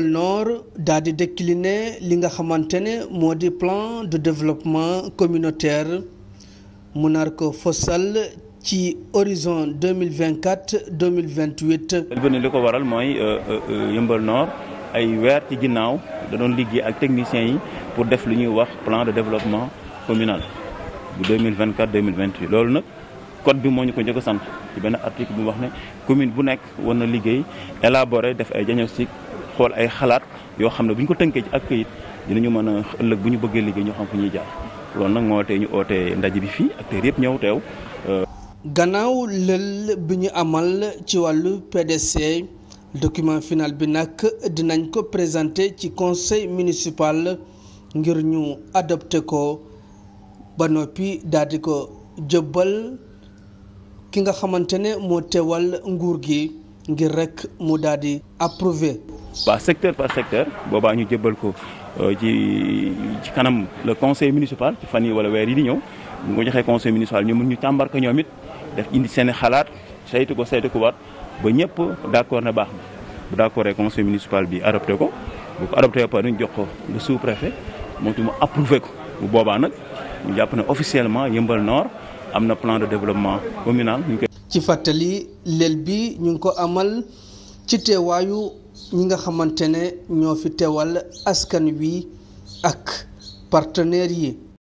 Pôle Nord daal di décliner li nga xamante ne moo di plan de développement communautaire mu nar ko fosal ci horizon deux mille vingt quatre deux mille vingt huit. li ko waral mooy Yeumbeul euh, euh, Nord ay weer ci ginnaaw da doon liggéey ak techniciens yi pour def lu ñuy wax plan de développement communal bu deux mille vingt quatre deux mille vingt huit loolu nag. code bi moo ñu ko njëkk sant ci benn article bu wax ne commune bu nekk war na liggéey élaborer def ay diagnostic xool ay xalaat yoo xam ne bu ñu ko tënkee ci ak këyit dinañu mën a ëllëg bu ñu bëggee liggéey ñoo xam fu ñuy jaar lool nag moo tee ñu ootee ndaje bi fii acteurs yëpp ñëw teew. Euh. gannaaw lël bi ñu amal ci wàllu PDC document final bi nag dinañ ko présenté ci conseil municipal ngir ñu adopté ko ba noppi daal di ko jëbbal ki nga xamante ne moo teewal nguur gi ngir rekk mu daal di approuvé waa secteur par secteur boobaa ñu jébbal ko euh, ci ci kanam le conseil municipal ci fan yi wala weer yi di ñëw bu ko joxee conseil municipal ñu mun ñu càmbar ko ñoom it def indi seen xalaat saytu ko saytu ko waat ba ñëpp d'accord na baax na bu d'accordee conseil municipal bi adopté ko bu ko adopté par ñu jox ko le sous préfet moom mu approuvé ko bu boobaa nag ñu jàpp ne officiellement Yeumbeul Nord am na plan de développement communal. ci ngi ko amal ci teewaayu. ñi nga xamante ne ñoo fi teewal askan wi ak partenaires yi